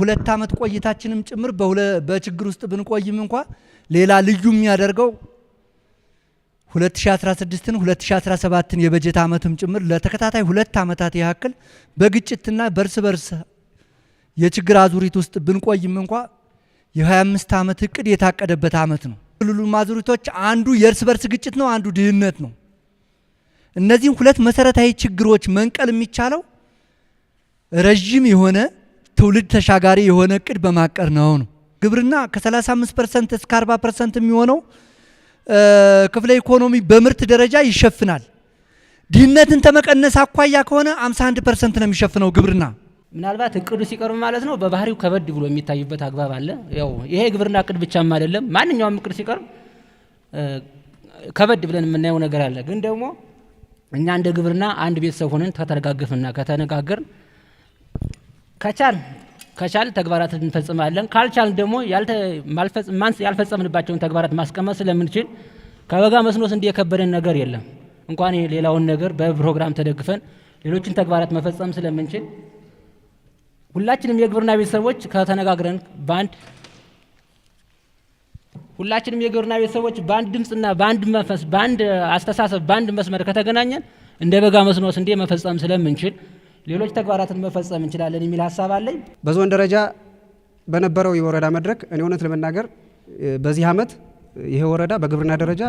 ሁለት ዓመት ቆይታችንም ጭምር በችግር ውስጥ ብንቆይም እንኳ ሌላ ልዩ የሚያደርገው 2016ን 2017ን የበጀት ዓመትም ጭምር ለተከታታይ ሁለት ዓመታት ያክል በግጭትና በእርስ በርስ የችግር አዙሪት ውስጥ ብንቆይም እንኳ የ25 ዓመት እቅድ የታቀደበት ዓመት ነው። ክልሉም አዙሪቶች አንዱ የእርስ በርስ ግጭት ነው፣ አንዱ ድህነት ነው። እነዚህም ሁለት መሰረታዊ ችግሮች መንቀል የሚቻለው ረዥም የሆነ ትውልድ ተሻጋሪ የሆነ እቅድ በማቀር ነው ነው። ግብርና ከ35 ፐርሰንት እስከ 40 ፐርሰንት የሚሆነው ክፍለ ኢኮኖሚ በምርት ደረጃ ይሸፍናል። ድህነትን ተመቀነስ አኳያ ከሆነ 51 ፐርሰንት ነው የሚሸፍነው ግብርና። ምናልባት እቅዱ ሲቀርብ ማለት ነው በባህሪው ከበድ ብሎ የሚታይበት አግባብ አለ። ያው ይሄ ግብርና እቅድ ብቻም አይደለም፣ ማንኛውም እቅድ ሲቀርብ ከበድ ብለን የምናየው ነገር አለ። ግን ደግሞ እኛ እንደ ግብርና አንድ ቤተሰብ ሆነን ከተረጋገፍንና ከተነጋገርን ከቻል ከቻል ተግባራት እንፈጽማለን። ካልቻል ደግሞ ያልፈጸምንባቸውን ተግባራት ማስቀመጥ ስለምንችል ከበጋ መስኖ ስንዴ የከበደን ነገር የለም። እንኳን ሌላውን ነገር በፕሮግራም ተደግፈን ሌሎችን ተግባራት መፈጸም ስለምንችል ሁላችንም የግብርና ቤተሰቦች ከተነጋግረን በአንድ ሁላችንም የግብርና ቤተሰቦች በአንድ ድምፅና በአንድ መንፈስ፣ በአንድ አስተሳሰብ፣ በአንድ መስመር ከተገናኘን እንደ በጋ መስኖ ስንዴ መፈጸም ስለምንችል ሌሎች ተግባራትን መፈጸም እንችላለን የሚል ሀሳብ አለኝ። በዞን ደረጃ በነበረው የወረዳ መድረክ እኔ እውነት ለመናገር በዚህ ዓመት ይሄ ወረዳ በግብርና ደረጃ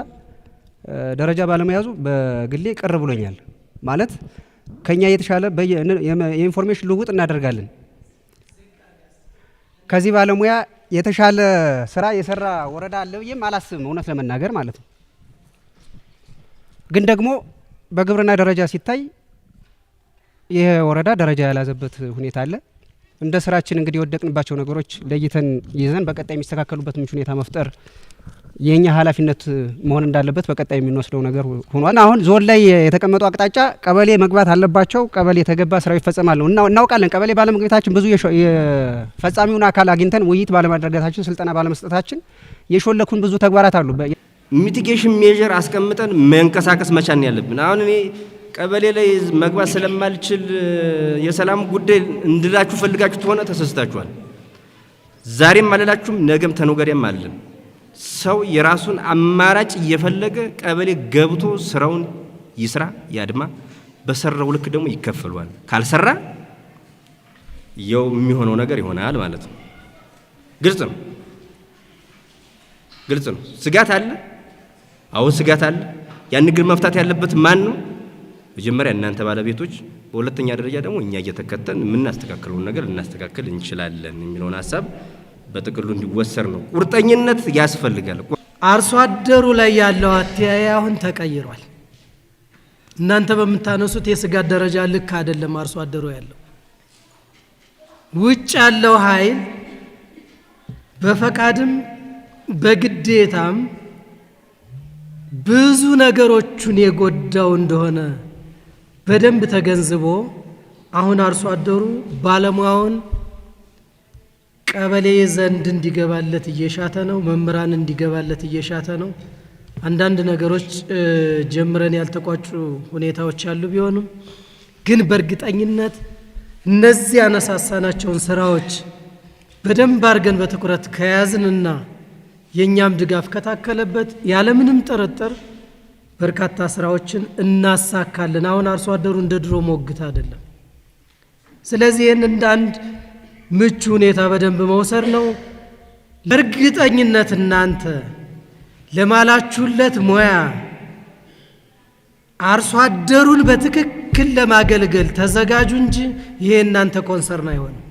ደረጃ ባለመያዙ በግሌ ቅር ብሎኛል። ማለት ከኛ የተሻለ የኢንፎርሜሽን ልውውጥ እናደርጋለን። ከዚህ ባለሙያ የተሻለ ስራ የሰራ ወረዳ አለ ብዬም አላስብም፣ እውነት ለመናገር ማለት ነው። ግን ደግሞ በግብርና ደረጃ ሲታይ ይህ ወረዳ ደረጃ ያላዘበት ሁኔታ አለ። እንደ ስራችን እንግዲህ የወደቅንባቸው ነገሮች ለይተን ይዘን በቀጣይ የሚስተካከሉበት ምቹ ሁኔታ መፍጠር የእኛ ኃላፊነት መሆን እንዳለበት በቀጣይ የምንወስደው ነገር ሆኗል። አሁን ዞን ላይ የተቀመጠው አቅጣጫ ቀበሌ መግባት አለባቸው፣ ቀበሌ የተገባ ስራው ይፈጸማል ነው። እናውቃለን። ቀበሌ ባለመግኘታችን ብዙ የፈጻሚውን አካል አግኝተን ውይይት ባለማድረጋታችን፣ ስልጠና ባለመስጠታችን የሾለኩን ብዙ ተግባራት አሉ። ሚቲጌሽን ሜዥር አስቀምጠን መንቀሳቀስ መቻን ያለብን አሁን እኔ ቀበሌ ላይ መግባት ስለማልችል የሰላም ጉዳይ እንድላችሁ ፈልጋችሁ ተሆነ ተሰስታችኋል። ዛሬም አልላችሁም፣ ነገም ተነገወዲያም አለን። ሰው የራሱን አማራጭ እየፈለገ ቀበሌ ገብቶ ስራውን ይስራ ያድማ። በሰራው ልክ ደግሞ ይከፈሏል። ካልሰራ የው የሚሆነው ነገር ይሆናል ማለት ነው። ግልጽ ነው፣ ግልጽ ነው። ስጋት አለ። አሁን ስጋት አለ። ያን ግን መፍታት ያለበት ማን ነው? መጀመሪያ እናንተ ባለቤቶች፣ በሁለተኛ ደረጃ ደግሞ እኛ እየተከተን የምናስተካክለውን ነገር ልናስተካክል እንችላለን የሚለውን ሀሳብ በጥቅሉ እንዲወሰድ ነው። ቁርጠኝነት ያስፈልጋል። አርሶ አደሩ ላይ ያለው አተያይ አሁን ተቀይሯል። እናንተ በምታነሱት የስጋት ደረጃ ልክ አይደለም። አርሶ አደሩ ያለው ውጭ ያለው ኃይል በፈቃድም በግዴታም ብዙ ነገሮቹን የጎዳው እንደሆነ በደንብ ተገንዝቦ አሁን አርሶ አደሩ ባለሙያውን ቀበሌ ዘንድ እንዲገባለት እየሻተ ነው። መምህራን እንዲገባለት እየሻተ ነው። አንዳንድ ነገሮች ጀምረን ያልተቋጩ ሁኔታዎች ያሉ ቢሆንም ግን በእርግጠኝነት እነዚህ ያነሳሳናቸውን ስራዎች በደንብ አድርገን በትኩረት ከያዝንና የእኛም ድጋፍ ከታከለበት ያለምንም ጥርጥር በርካታ ስራዎችን እናሳካለን። አሁን አርሶ አደሩ እንደ ድሮ ሞግት አይደለም። ስለዚህ ይህን እንደ አንድ ምቹ ሁኔታ በደንብ መውሰድ ነው። በእርግጠኝነት እናንተ ለማላችሁለት ሙያ አርሶ አደሩን በትክክል ለማገልገል ተዘጋጁ እንጂ ይሄ እናንተ ኮንሰርን አይሆንም።